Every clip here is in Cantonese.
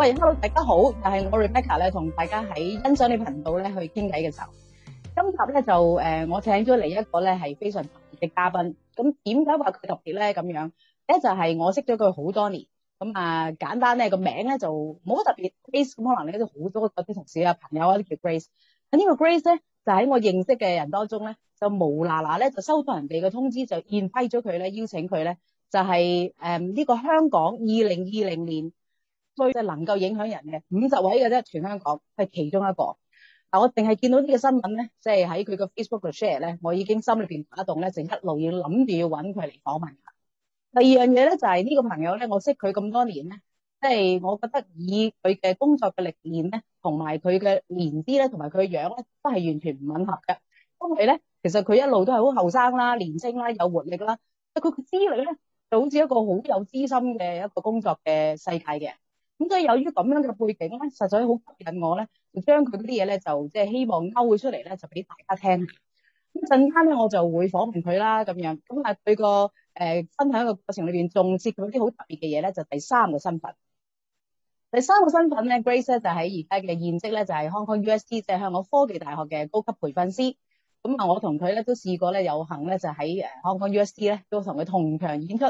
喂，Hello，大家好，又係我 Rebecca 咧，同大家喺欣賞嘅頻道咧去傾偈嘅時候，今集咧就誒我請咗嚟一個咧係非常特別嘅嘉賓。咁點解話佢特別咧？咁樣咧就係我識咗佢好多年。咁啊簡單咧個名咧就冇乜特別，Grace。咁可能咧啲好多嗰啲同事啊朋友啊啲叫 Grace。啊呢個 Grace 咧就喺我認識嘅人當中咧就無啦啦咧就收到人哋嘅通知就 invite 咗佢咧邀請佢咧就係誒呢個香港二零二零年。最係能夠影響人嘅五十位嘅啫，全香港係其中一個。嗱，我淨係見到呢個新聞咧，即係喺佢個 Facebook 度 share 咧，我已經心入邊打動咧，就一路要諗住要揾佢嚟訪問。第二樣嘢咧就係呢個朋友咧，我識佢咁多年咧，即係我覺得以佢嘅工作嘅歷練咧，同埋佢嘅年資咧，同埋佢嘅樣咧，都係完全唔吻合嘅。因為咧，其實佢一路都係好後生啦，年青啦，有活力啦。但係佢嘅資歷咧，就好似一個好有資深嘅一個工作嘅世界嘅。咁即係由於咁樣嘅背景咧，實在好吸引我咧，就將佢啲嘢咧，就即係希望勾佢出嚟咧，就俾大家聽。咁陣間咧，我就會訪問佢啦，咁樣。咁但係佢個誒分享嘅過程裏邊，仲接觸啲好特別嘅嘢咧，就第三個身份。第三個身份咧，Grace 咧就喺而家嘅現職咧，就係 Hong Kong UST，即係香港科技大學嘅高級培訓師。咁啊，我同佢咧都試過咧有幸咧，就喺誒 Hong Kong UST 咧，都同佢同場演出。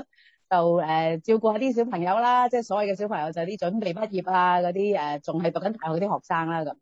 就誒、呃、照顧下啲小朋友啦，即係所謂嘅小朋友就係啲準備畢業啊嗰啲誒，仲係、呃、讀緊大學啲學生啦咁。咁啊，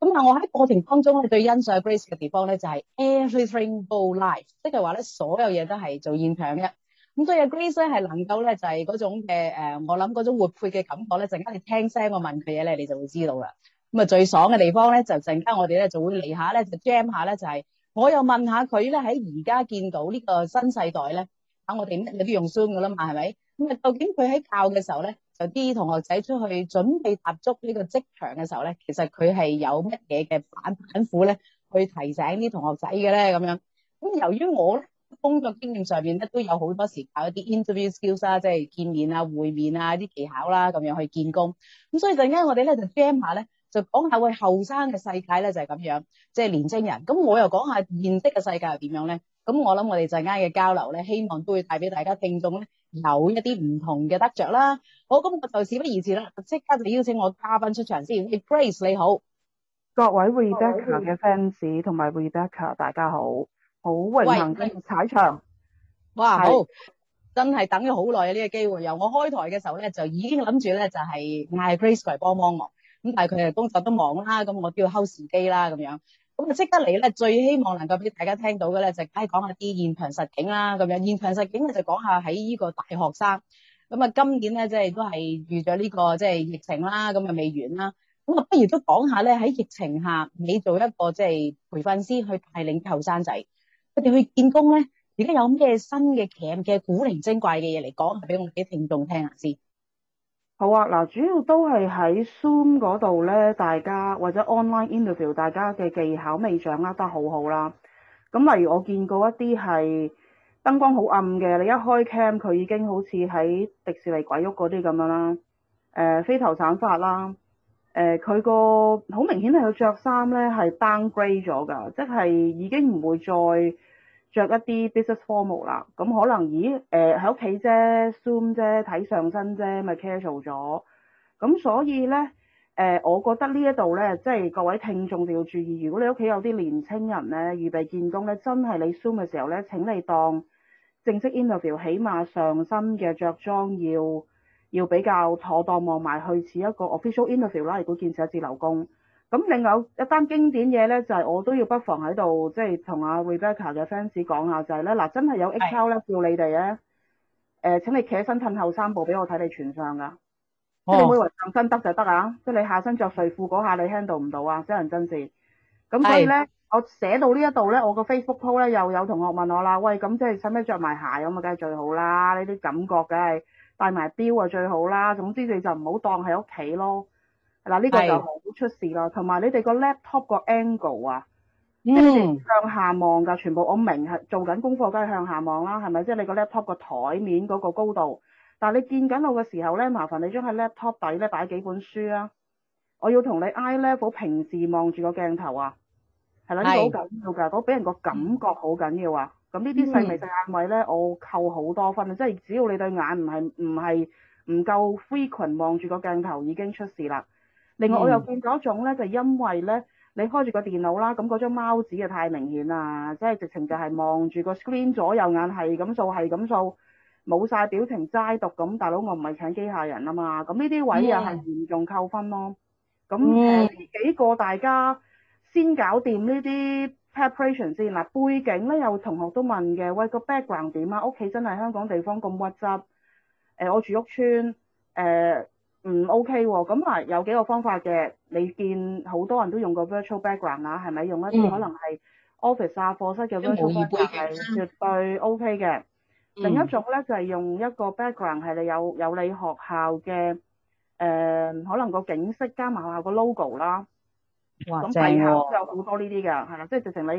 那我喺過程當中我最欣賞 Grace 嘅地方咧，就係、是、everything bo life，即係話咧所有嘢都係做現場嘅。咁所以 Grace 咧係能夠咧就係、是、嗰種嘅誒、呃，我諗嗰種活潑嘅感覺咧，陣間你聽聲我問佢嘢咧，你就會知道啦。咁啊最爽嘅地方咧，就陣間我哋咧就會嚟下咧就 jam 下咧就係、是，我又問下佢咧喺而家見到呢個新世代咧。啊！我哋咩有啲用 Zoom 噶啦嘛，係咪？咁啊，究竟佢喺教嘅時候咧，就啲同學仔出去準備踏足呢個職場嘅時候咧，其實佢係有乜嘢嘅反反腐咧，去提醒啲同學仔嘅咧咁樣。咁由於我工作經驗上邊咧，都有好多時搞一啲 interview skills 啦、啊，即係見面啊、會面啊啲技巧啦、啊，咁樣去見工。咁所以陣間我哋咧就 jam 下咧，就講下佢後生嘅世界咧就係、是、咁樣，即、就、係、是、年青人。咁我又講一下現職嘅世界係點樣咧？咁我諗我哋陣間嘅交流咧，希望都會帶俾大家聽眾咧，有一啲唔同嘅得着啦。好，咁我就事不宜遲啦，即刻就邀請我嘉賓出場先。Grace 你好，各位 Rebecca 嘅 fans 同埋 Rebecca 大家好，好榮幸踩場。哇，好，真係等咗好耐嘅呢個機會。由我開台嘅時候咧，就已經諗住咧就係嗌 Grace 過嚟幫幫忙。咁但係佢工作都忙啦，咁我都要 hold 時機啦，咁樣。咁啊，即刻嚟咧，最希望能夠俾大家聽到嘅咧就梗係講下啲現場實景啦。咁樣現場實景咧就講下喺呢個大學生咁啊，今年咧即係都係遇咗呢個即係疫情啦，咁啊未完啦。咁啊，不如都講下咧喺疫情下，你做一個即係培訓師去帶領後生仔佢哋去見工咧，而家有咩新嘅、奇嘅、古靈精怪嘅嘢嚟講俾我哋啲聽眾聽下先。好啊，嗱，主要都係喺 Zoom 嗰度咧，大家或者 online interview 大家嘅技巧未掌握得好好啦。咁例如我見過一啲係燈光好暗嘅，你一開 cam 佢已經好似喺迪士尼鬼屋嗰啲咁樣啦。誒、呃，飛頭散髮啦。誒、呃，佢個好明顯係佢着衫咧係 downgrade 咗噶，即係已經唔會再。着一啲 business formal 啦，咁可能咦誒喺屋企啫 Zoom 啫，睇上身啫，咪 casual 咗咁。所以咧誒、呃、我覺得呢一度咧，即係各位聽眾就要注意，如果你屋企有啲年青人咧預備見工咧，真係你 Zoom 嘅時候咧，請你當正式 interview，起碼上身嘅着裝要要比較妥當，望埋去似一個 official interview 啦。如果建設一啲留工。咁另外一單經典嘢咧，就係、是、我都要不妨喺度即係同阿 Rebecca 嘅 fans 講下，就係咧嗱，真係有 echo 咧叫你哋咧，誒、呃、請你企身褪後三步俾我睇你全相噶，即係、哦、你唔好以為上身得就得啊，即、就、係、是、你下身着睡褲嗰下你 handle 唔到啊，真人真事。咁所以咧，的我寫到呢一度咧，我個 Facebook post 咧又有同學問我啦，喂咁即係使唔使着埋鞋咁啊？梗係最好啦，呢啲感覺梗係戴埋表啊最好啦。總之你就唔好當喺屋企咯。嗱，呢個就好出事啦。同埋你哋個 laptop 個 angle 啊，即係、嗯、向下望㗎，全部我明係做緊功課，梗係向下望啦，係咪？即係你個 laptop 個台面嗰個高度。但係你見緊我嘅時候咧，麻煩你將喺 laptop 底咧擺幾本書啊。我要同你 I level 平時望住個鏡頭啊，係啦，呢個好緊要㗎。我俾是人個感覺好緊要啊。咁呢啲細微細眼位咧，我扣好多分啊！即係只要你對眼唔係唔係唔夠 frequent 望住個鏡頭，已經出事啦。另外我又見咗一種咧，就係、因為咧你開住個電腦啦，咁嗰張貓紙啊太明顯啦，即係直情就係望住個 screen，左右眼係咁掃係咁掃，冇晒表情齋讀咁，大佬我唔係請機械人啊嘛，咁呢啲位又係嚴重扣分咯。咁誒幾個大家先搞掂呢啲 preparation 先嗱，背景咧有同學都問嘅，喂個 background 點啊？屋企真係香港地方咁屈質，誒、呃、我住屋邨。呃唔 OK 喎，咁嗱有幾個方法嘅，你見好多人都用過 virtual background 啦，係咪用一啲可能係 office 啊、課室嘅 virtual background，絕絕對 OK 嘅。嗯、另一種咧就係、是、用一個 background 係你有有你學校嘅、呃、可能個景色加埋學校個 logo 啦。哇！咁學皮下都、哦、有好多呢啲嘅，係啦，即、就、係、是、直情你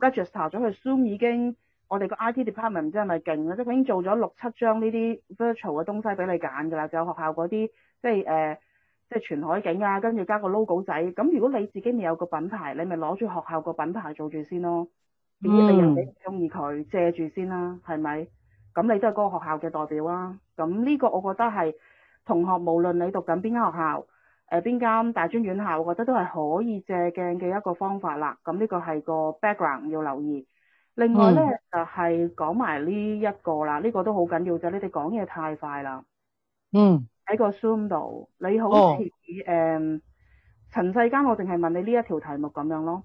register 咗去 Zoom 已經，我哋個 IT department 唔知係咪勁即係已經做咗六七張呢啲 virtual 嘅東西俾你揀㗎啦，就有學校嗰啲。即係、呃、即係全海景啊！跟住加個 logo 仔。咁如果你自己未有個品牌，你咪攞住學校個品牌做住先咯。嗯，人哋唔中意佢，借住先啦、啊，係咪？咁你都係嗰個學校嘅代表啦、啊。咁呢個我覺得係同學，無論你讀緊邊間學校，誒邊間大專院校，我覺得都係可以借鏡嘅一個方法啦。咁呢個係個 background 要留意。另外咧、嗯、就係講埋呢一個啦，呢、呢個都好緊要啫。你哋講嘢太快啦。嗯。喺個 zoom 度，你好似誒，陳、oh. 嗯、世剛，我淨係問你呢一條題目咁樣咯。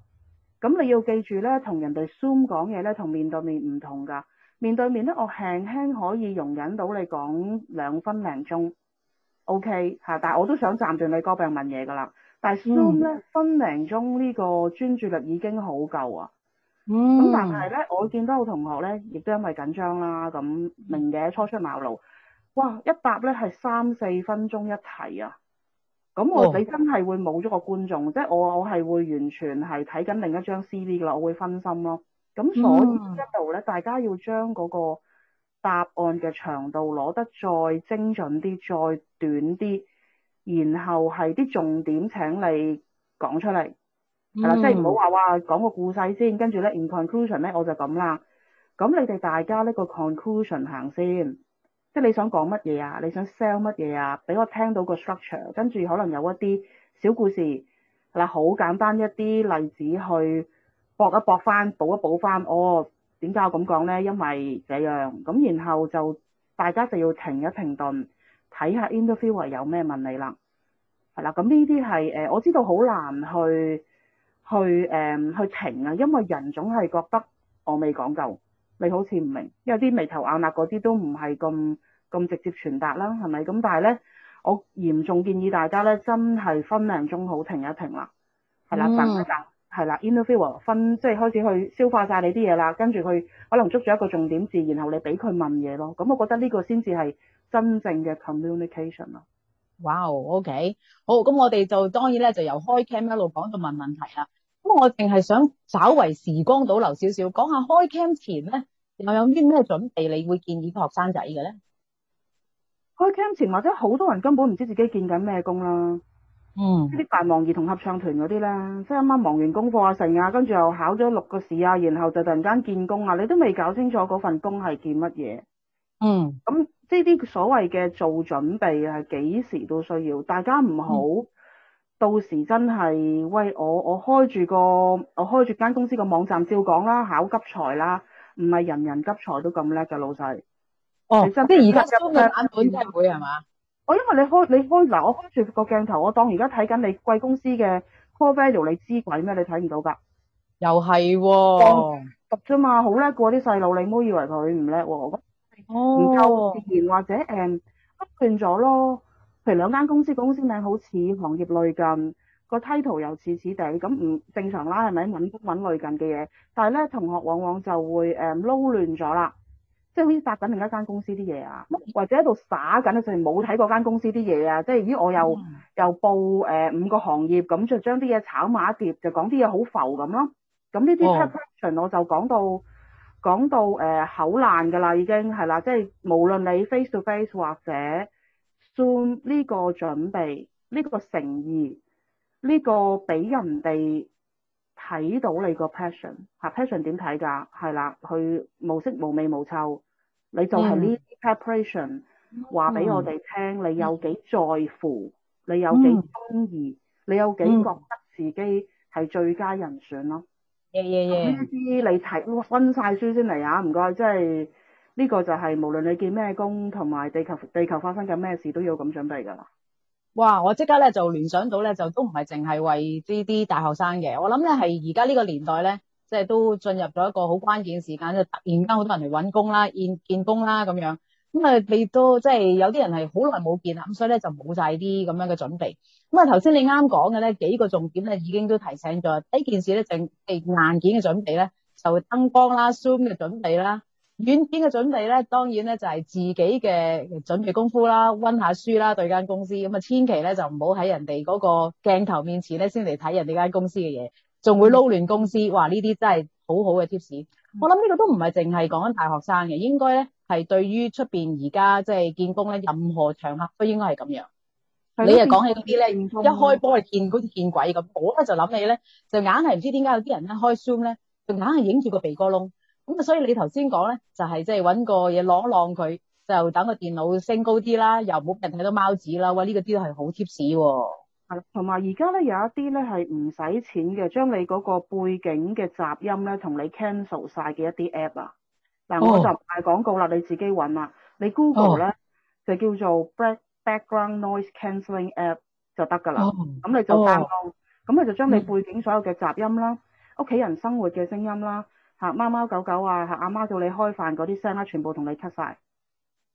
咁你要記住咧，同人哋 zoom 講嘢咧，同面對面唔同噶。面對面咧，我輕輕可以容忍到你講兩分零鐘，ok 吓。但係我都想暫停你個病問嘢噶啦。但係 zoom 咧，mm. 分零鐘呢個專注力已經好夠啊。咁、mm. 嗯、但係咧，我見到我同學咧，亦都因為緊張啦，咁明嘅初出茅廬。哇！一答咧係三四分鐘一題啊，咁我你真係會冇咗個觀眾，oh. 即係我我係會完全係睇緊另一張 CD 噶啦，我會分心咯、啊。咁所以呢一度咧，mm. 大家要將嗰個答案嘅長度攞得再精準啲，再短啲，然後係啲重點，請你講出嚟，係啦、mm.，即係唔好話哇講個故事先，跟住咧 in conclusion 咧，我就咁啦。咁你哋大家呢個 conclusion 行先。即係你想講乜嘢啊？你想 sell 乜嘢啊？俾我聽到個 structure，跟住可能有一啲小故事，好簡單一啲例子去搏一搏翻，補一補翻。哦，點解我咁講呢？因為這樣咁，然後就大家就要停一停頓，睇下 interviewer 有咩問你啦。係啦，咁呢啲係我知道好難去去、嗯、去停啊，因為人總係覺得我未講夠。你好似唔明，因為啲眉頭眼額嗰啲都唔係咁咁直接傳達啦，係咪？咁但係咧，我嚴重建議大家咧，真係分兩鐘好停一停啦，係啦，暫係、嗯、啦，interviewer 分即係開始去消化晒你啲嘢啦，跟住佢可能捉住一個重點字，然後你俾佢問嘢咯。咁、嗯、我覺得呢個先至係真正嘅 communication 啦。哇哦、wow，OK，好，咁我哋就當然咧，就由開 cam 一路講到問問題啦。咁我淨係想稍為時光倒流少少，講下開 cam 前咧，又有啲咩準備你會建議學生仔嘅咧？開 cam 前或者好多人根本唔知自己見緊咩工啦。嗯。呢啲大忙兒童合唱團嗰啲啦，即係啱啱忙完功課啊成啊，跟住又考咗六個試啊，然後就突然間見工啊，你都未搞清楚嗰份工係見乜嘢。嗯。咁即係啲所謂嘅做準備係幾時都需要，大家唔好、嗯。到時真係喂，我我開住個我開住間公司個網站照講啦，考急才啦，唔係人人急才都咁叻嘅老細。哦，即係而家中版本唔會係嘛？哦，因為你開你開嗱，我開住個鏡頭，我當而家睇緊你貴公司嘅 call value 你知鬼咩？你睇唔到噶？又係喎，哦，讀啫嘛，好叻過啲細路，你唔好以為佢唔叻喎。我覺得夠哦，唔夠自然或者誒，斷、嗯、咗咯。譬如兩間公司公司名好似行業類近，個 title 又似似地咁唔正常啦，係咪揾都揾類近嘅嘢？但係咧同學往往就會誒撈亂咗啦，即係好似扎緊另一間公司啲嘢啊，或者喺度耍緊啊，就冇睇嗰間公司啲嘢啊，即係於我又、oh. 又報誒、呃、五個行業咁，就將啲嘢炒埋一碟，就講啲嘢好浮咁咯。咁呢啲 caption 我就講到講到誒、呃、口爛㗎啦，已經係啦，即係無論你 face to face 或者。做呢個準備，呢、這個誠意，呢、這個俾人哋睇到你個 passion 吓，passion 點睇㗎？係啦，佢無色無味無臭，你就係呢啲 preparation 話俾、嗯、我哋聽，你有幾在乎，嗯、你有幾中意，嗯、你有幾覺得自己係最佳人選咯。耶耶耶！呢啲你睇分晒書先嚟啊，唔該、嗯，即、嗯、係～、嗯呢個就係無論你見咩工同埋地球地球，發生緊咩事都要咁準備噶啦。哇！我即刻咧就聯想到咧就，都唔係淨係為呢啲大學生嘅，我諗咧係而家呢個年代咧，即係都進入咗一個好關鍵時間，就突然間好多人嚟搵工啦、見工啦咁樣。咁啊，你都即係有啲人係好耐冇見啦，咁所以咧就冇晒啲咁樣嘅準備。咁啊，頭先你啱講嘅咧幾個重點咧已經都提醒咗，第一件事咧就係硬件嘅準備咧，就燈光啦、Zoom 嘅準備啦。遠邊嘅準備咧，當然咧就係自己嘅準備功夫啦，溫下書啦，對間公司。咁啊，千祈咧就唔好喺人哋嗰個鏡頭面前咧，先嚟睇人哋間公司嘅嘢，仲會撈亂公司。的哇，呢啲真係好好嘅 tips。嗯、我諗呢個都唔係淨係講緊大學生嘅，應該咧係對於出邊而家即係見工咧，任何場合都應該係咁樣。的你啊，講起嗰啲咧，一開波係見好似見鬼咁，我咧就諗起咧就硬係唔知點解有啲人咧開 zoom 咧，就硬係影住個鼻哥窿。咁啊，所以你頭先講咧，就係即係揾個嘢攞一攞佢，就等個電腦升高啲啦，又冇人睇到貓紙啦。哇，呢個啲都係好貼士喎。係，同埋而家咧有一啲咧係唔使錢嘅，將你嗰個背景嘅雜音咧同你 cancel 晒嘅一啲 app 啊。嗱，我就唔賣廣告啦，oh. 你自己揾啦。你 Google 咧、oh. 就叫做 background noise cancelling app 就得㗎啦。咁、oh. 你就 download，咁佢就將你背景所有嘅雜音啦、屋企、mm. 人生活嘅聲音啦。貓貓狗狗啊！貓貓狗狗啊，阿媽叫你開飯嗰啲聲啦，全部同你 cut 曬。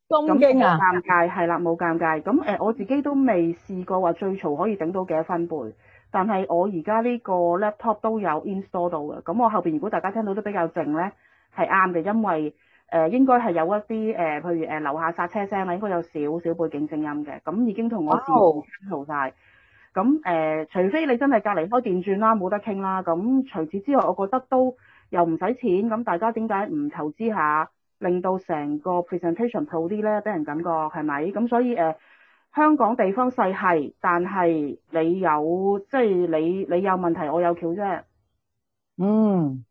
咁唔尷尬係啦，冇尷尬。咁誒、呃，我自己都未試過話最嘈可以整到幾多分貝，但係我而家呢個 laptop 都有 install 到嘅。咁我後邊如果大家聽到都比較靜咧，係啱嘅，因為誒、呃、應該係有一啲誒、呃，譬如誒樓、呃、下剎車聲啦，應該有少少背景聲音嘅。咁已經同我試過 cut 嘈曬。咁誒、oh. 呃，除非你真係隔離開電轉啦，冇得傾啦。咁除此之外，我覺得都。又唔使錢，咁大家點解唔投資下，令到成個 presentation 好啲咧？俾人感覺係咪？咁所以、呃、香港地方細係，但係你有即係你你有問題，我有橋啫。嗯。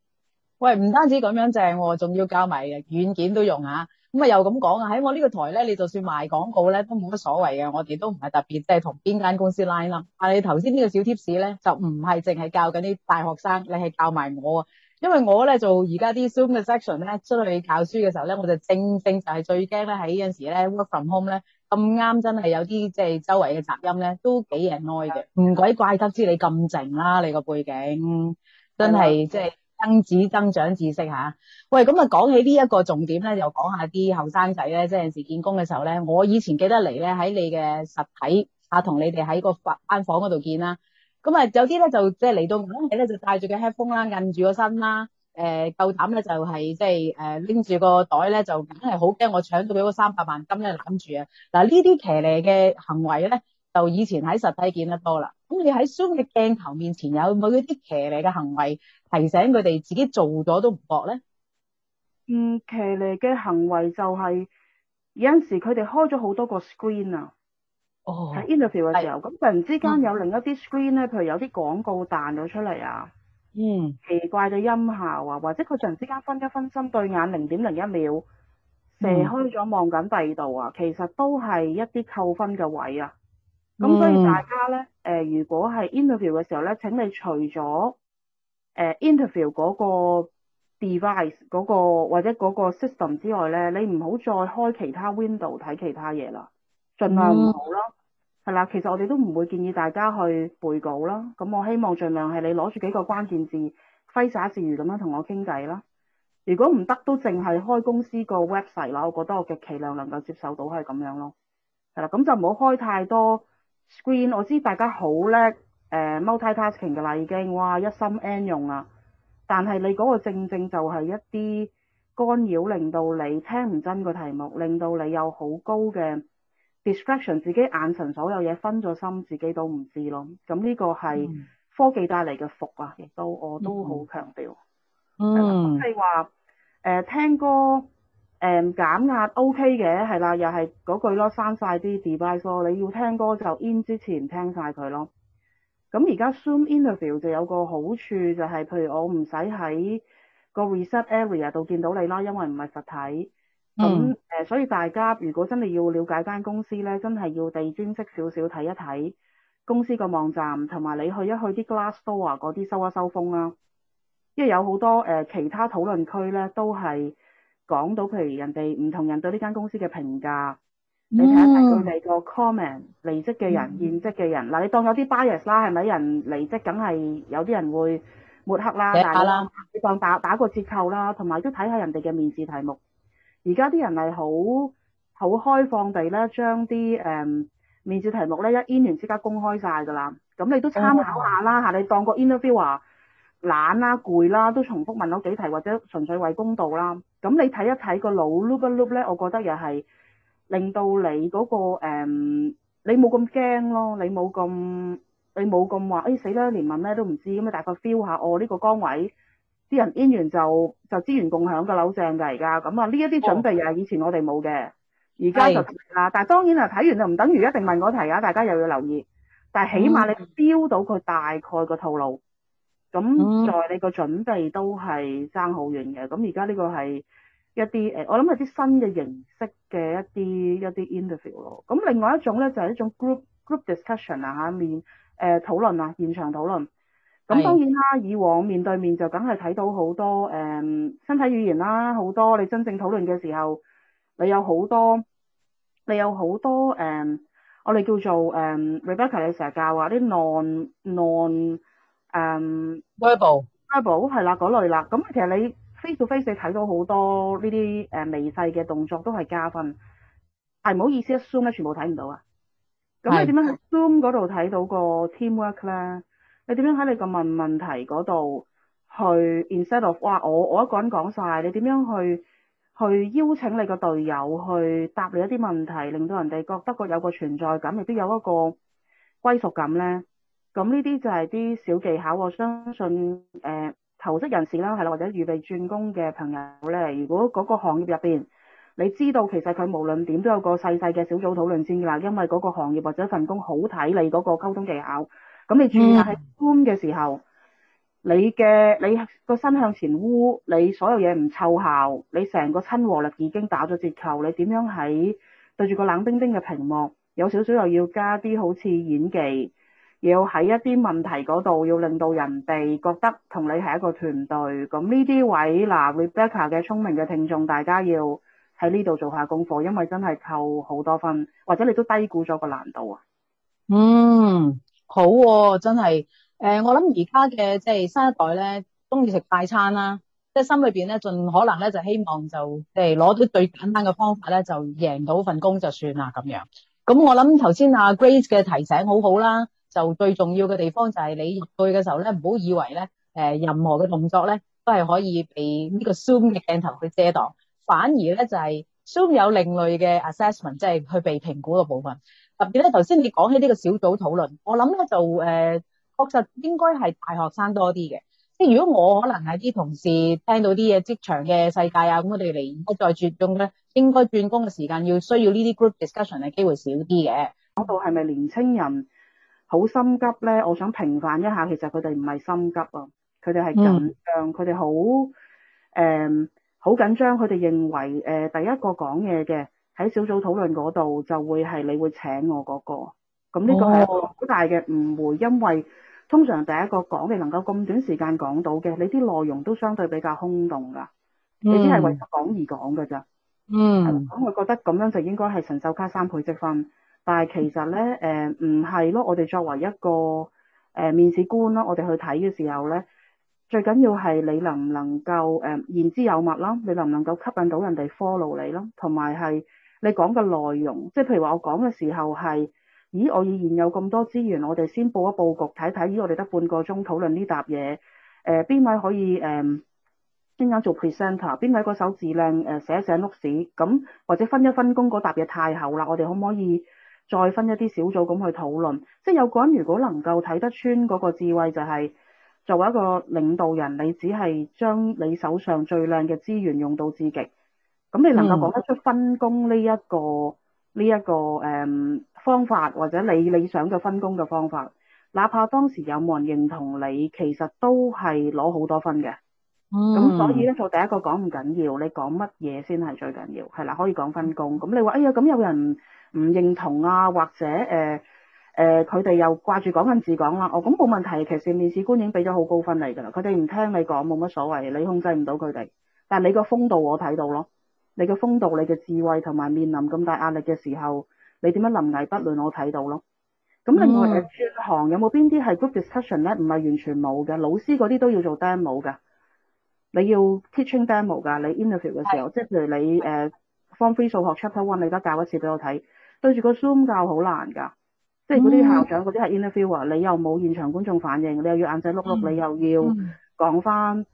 喂，唔單止咁樣正喎、哦，仲要教埋軟件都用下。咁啊，又咁講啊，喺、哎、我呢個台咧，你就算賣廣告咧都冇乜所謂嘅。我哋都唔係特別，即係同邊間公司 line 啦。但係頭先呢個小 tips 咧，就唔係淨係教緊啲大學生，你係教埋我啊。因為我咧做而家啲 zoom 嘅 section 咧，出去教書嘅時候咧，我就正正就係最驚咧喺呢陣時咧 work from home 咧咁啱真係有啲即係周圍嘅雜音咧，都幾 annoy 嘅。唔鬼的怪得知你咁靜啦，你個背景真係即係增子增長知識吓、啊。喂，咁啊講起呢一個重點咧，又講下啲後生仔咧，即係時見工嘅時候咧，我以前記得嚟咧喺你嘅實體啊，同你哋喺個班房房嗰度見啦。咁啊，有啲咧就即係嚟到唔肯嚟咧，就，就戴住個 headphone 啦，印住個身啦，誒夠膽咧就係、是、即係誒拎住個袋咧，就梗係好驚我搶到佢嗰三百萬金咧攬住啊！嗱，呢啲騎呢嘅行為咧，就以前喺實體見得多啦。咁你喺 Zoom 嘅鏡頭面前有冇嗰啲騎呢嘅行為，提醒佢哋自己做咗都唔覺咧？嗯，騎呢嘅行為就係、是、有陣時佢哋開咗好多個 screen 啊。哦，喺、oh, interview 嘅時候，咁 is. 突然之間有另一啲 screen 咧，譬如有啲廣告彈咗出嚟啊，嗯，mm. 奇怪嘅音效啊，或者佢突然之間分一分心，對眼零點零一秒射開咗望緊第二度啊，其實都係一啲扣分嘅位啊。咁、mm. 所以大家咧，誒、呃，如果係 interview 嘅時候咧，請你除咗誒、呃、interview 嗰個 device 嗰、那個或者嗰個 system 之外咧，你唔好再開其他 window 睇其他嘢啦。盡量唔好咯，係、嗯、啦。其實我哋都唔會建議大家去背稿啦。咁我希望盡量係你攞住幾個關鍵字，揮灑自如咁樣同我傾偈啦。如果唔得都淨係開公司個 website 啦，我覺得我極其量能夠接受到係咁樣咯。係啦，咁就唔好開太多 screen。我知大家好叻，誒 multi-tasking 嘅啦已經，哇一心 n 用啦，但係你嗰個正正就係一啲干擾，令到你聽唔真個題目，令到你有好高嘅。distraction 自己眼神所有嘢分咗心，自己都唔知咯。咁、這、呢個係科技帶嚟嘅福啊，亦都我都好強調。嗯、mm。即係話誒聽歌誒減壓 OK 嘅，係啦，又係嗰句咯，刪晒啲 device 囉。你要聽歌就 in 之前聽晒佢咯。咁而家 Zoom interview 就有個好處就係、是，譬如我唔使喺個 reset area 度見到你啦，因為唔係實體。咁誒、嗯嗯、所以大家如果真係要了解間公司咧，真係要地專識少少睇一睇公司個網站，同埋你去一去啲 Glassdoor 嗰啲收一收風啦。因為有好多誒其他討論區咧，都係講到譬如人哋唔同人對呢間公司嘅評價，嗯、你睇一睇佢哋個 comment 離職嘅人、嗯、現職嘅人嗱、啊，你當有啲 bias 啦，係咪人離職梗係有啲人會抹黑啦？啦，你當打打個折扣啦，同埋都睇下人哋嘅面試題目。而家啲人係好好開放地咧，將啲誒面試題目咧一 in 完即刻公開曬㗎啦。咁你都參考下啦嚇，你當個 interviewer 懶啦、攰啦，都重複問咗幾題，或者純粹為公道啦。咁你睇一睇個腦 loop 一 loop 咧，我覺得又係令到你嗰個誒，你冇咁驚咯，你冇咁你冇咁話，哎死啦連問咩都唔知咁你，大概 feel 下我呢個崗位。啲人 In 完就就資源共享嘅樓上㗎而家，咁啊呢一啲準備又係以前我哋冇嘅，而家、oh. 就啦。Yes. 但係當然啊，睇完就唔等於一定問我題㗎、啊，大家又要留意。但係起碼你 feel 到佢大概個套路，咁在你個準備都係爭好遠嘅。咁而家呢個係一啲誒，我諗係啲新嘅形式嘅一啲一啲 interview 咯。咁另外一種咧就係、是、一種 group group discussion 啊，下面、呃、討論啊，現場討論。咁當然啦、啊，以往面對面就梗係睇到好多誒、嗯、身體語言啦、啊，好多你真正討論嘅時候，你有好多你有好多誒、嗯，我哋叫做誒、嗯、Rebecca 你成日教話、啊、啲 non non 誒、嗯、verbal verbal 係啦嗰類啦。咁其實你 face to face 你睇到好多呢啲誒微細嘅動作都係加分。係，唔好意思啊，Zoom 咧全部睇唔到啊。咁你點樣喺 Zoom 嗰度睇到個 teamwork 咧？你點樣喺你個問問題嗰度去 instead of 哇我我一個人講晒，你點樣去去邀請你個隊友去答你一啲問題，令到人哋覺得佢有個存在感，亦都有一個歸屬感呢？咁呢啲就係啲小技巧喎。我相信誒、呃、求職人士啦，係啦，或者預備轉工嘅朋友呢，如果嗰個行業入面，你知道其實佢無論點都有個細細嘅小組討論先㗎啦，因為嗰個行業或者份工好睇你嗰個溝通技巧。咁、嗯、你注意喺觀嘅時候，你嘅你個身向前烏，你所有嘢唔湊效，你成個親和力已經打咗折扣。你點樣喺對住個冷冰冰嘅屏幕，有少少又要加啲好似演技，又要喺一啲問題嗰度要令到人哋覺得同你係一個團隊。咁呢啲位嗱，Rebecca 嘅聰明嘅聽眾，大家要喺呢度做下功課，因為真係扣好多分，或者你都低估咗個難度啊。嗯。好喎、哦，真係、呃，我諗而家嘅即係新一代咧，中意食快餐啦，即係心裏面咧，盡可能咧就希望就即係攞啲最簡單嘅方法咧就贏到份工就算啦咁樣。咁、嗯、我諗頭先阿、啊、Grace 嘅提醒好好啦，就最重要嘅地方就係你入去嘅時候咧，唔好以為咧、呃、任何嘅動作咧都係可以被呢個 Zoom 嘅鏡頭去遮擋，反而咧就係、是。都有另類嘅 assessment，即係去被評估嘅部分。特別咧，頭先你講起呢個小組討論，我諗咧就誒、呃，確實應該係大學生多啲嘅。即、就、係、是、如果我可能係啲同事聽到啲嘢，職場嘅世界啊，咁我哋嚟再轉工咧，應該轉工嘅時間要需要呢啲 group discussion 嘅機會少啲嘅。嗰度係咪年青人好心急咧？我想平反一下，其實佢哋唔係心急啊，佢哋係緊張，佢哋好誒。好緊張，佢哋認為誒、呃、第一個講嘢嘅喺小組討論嗰度就會係你會請我嗰、那個，咁呢、這個係一個好大嘅誤會，因為通常第一個講你能夠咁短時間講到嘅，你啲內容都相對比較空洞㗎，mm. 你只係為咗講而講㗎咋。嗯、mm.，我覺得咁樣就應該係神獸卡三倍積分，但係其實呢，誒唔係囉。我哋作為一個誒、呃、面試官囉，我哋去睇嘅時候呢。最緊要係你能唔能夠誒言之有物啦，你能唔能夠吸引到人哋 follow 你啦，同埋係你講嘅內容，即係譬如話我講嘅時候係，咦我以現有咁多資源，我哋先佈一佈局，睇睇咦我哋得半個鐘討論呢沓嘢，誒邊位可以誒邊咁做 presenter，邊位個手字靚、呃、寫一寫碌屎，咁或者分一分工嗰沓嘢太厚啦，我哋可唔可以再分一啲小組咁去討論？即係有個人如果能夠睇得穿嗰個智慧就係、是。作為一個領導人，你只係將你手上最靚嘅資源用到至極，咁你能夠講得出分工呢一個呢一、嗯呢個誒、嗯、方法，或者你理想嘅分工嘅方法，哪怕當時有冇人認同你，其實都係攞好多分嘅。嗯，咁所以咧做第一個講唔緊要，你講乜嘢先係最緊要，係啦，可以講分工。咁你話，哎呀，咁有人唔認同啊，或者誒，呃誒佢哋又掛住講緊字講啦，哦咁冇問題。其實面試官已經俾咗好高分嚟㗎啦。佢哋唔聽你講，冇乜所謂，你控制唔到佢哋。但你個風度我睇到咯，你嘅風度、你嘅智慧同埋面臨咁大壓力嘅時候，你點樣臨危不亂我睇到咯。咁另外誒、嗯、轉行有冇邊啲係 group discussion 咧？唔係完全冇嘅，老師嗰啲都要做 demo 㗎。你要 teaching demo 㗎，你 interview 嘅時候，即係是譬如你誒 form three 數學 chapter one，你得教一次俾我睇，對住個 zoom 教好難㗎。即係嗰啲校長嗰啲係、mm. interview e r 你又冇現場觀眾反應，你又要眼仔碌碌，mm. 你又要講翻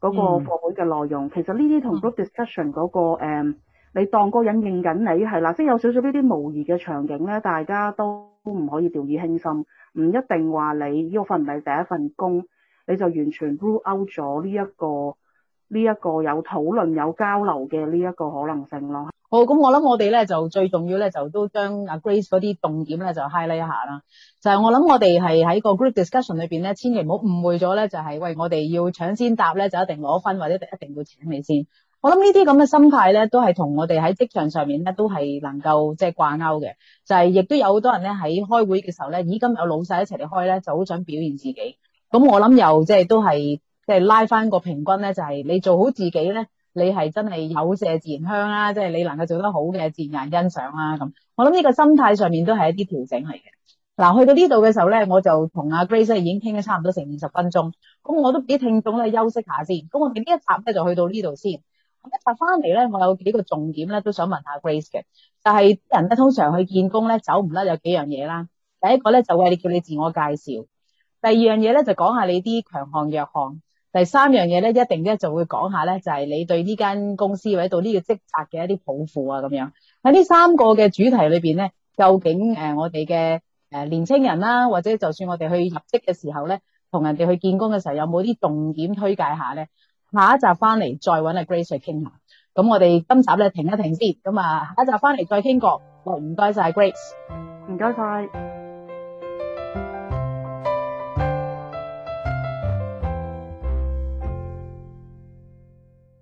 嗰個課本嘅內容。Mm. 其實呢啲同 group discussion 嗰、那個、um, 你當個人應緊你係嗱，即係、就是、有少少呢啲模擬嘅場景咧，大家都唔可以掉以輕心，唔一定話你呢個份唔第一份工，你就完全 rule out 咗呢一個。呢一個有討論、有交流嘅呢一個可能性咯。好，咁我諗我哋咧就最重要咧就都將阿 Grace 嗰啲重點咧就 highlight 一下啦。就係、就是、我諗我哋係喺個 group discussion 裏邊咧，千祈唔好誤會咗咧，就係、是、喂我哋要搶先答咧就一定攞分，或者一定會請你先。我諗呢啲咁嘅心態咧，都係同我哋喺職場上面咧都係能夠即係掛鈎嘅。就係亦都有好多人咧喺開會嘅時候咧，已今有老細一齊嚟開咧，就好想表現自己。咁我諗又即係都係。即係拉翻個平均咧，就係、是、你做好自己咧，你係真係有麝自然香啦、啊。即、就、係、是、你能夠做得好嘅，自然有人欣賞啦、啊。咁我諗呢個心態上面都係一啲調整嚟嘅。嗱，去到呢度嘅時候咧，我就同阿 Grace 已經傾咗差唔多成二十分鐘，咁我都俾聽眾咧休息下先。咁我哋呢一集咧就去到呢度先。咁一集翻嚟咧，我有幾個重點咧都想問下 Grace 嘅。就係、是、啲人咧通常去見工咧走唔甩有幾樣嘢啦。第一個咧就係你叫你自我介紹，第二樣嘢咧就講下你啲強項弱項。第三樣嘢咧，一定咧就會講下咧，就係、是、你對呢間公司或者對呢個職責嘅一啲抱負啊咁樣。喺呢三個嘅主題裏邊咧，究竟誒、呃、我哋嘅誒年青人啦、啊，或者就算我哋去入職嘅時候咧，同人哋去見工嘅時候，有冇啲重點推介下咧？下一集翻嚟再搵阿、啊、Grace 去傾下。咁我哋今集咧停一停先。咁啊，下一集翻嚟再傾過。唔該晒 Grace，唔該晒。謝謝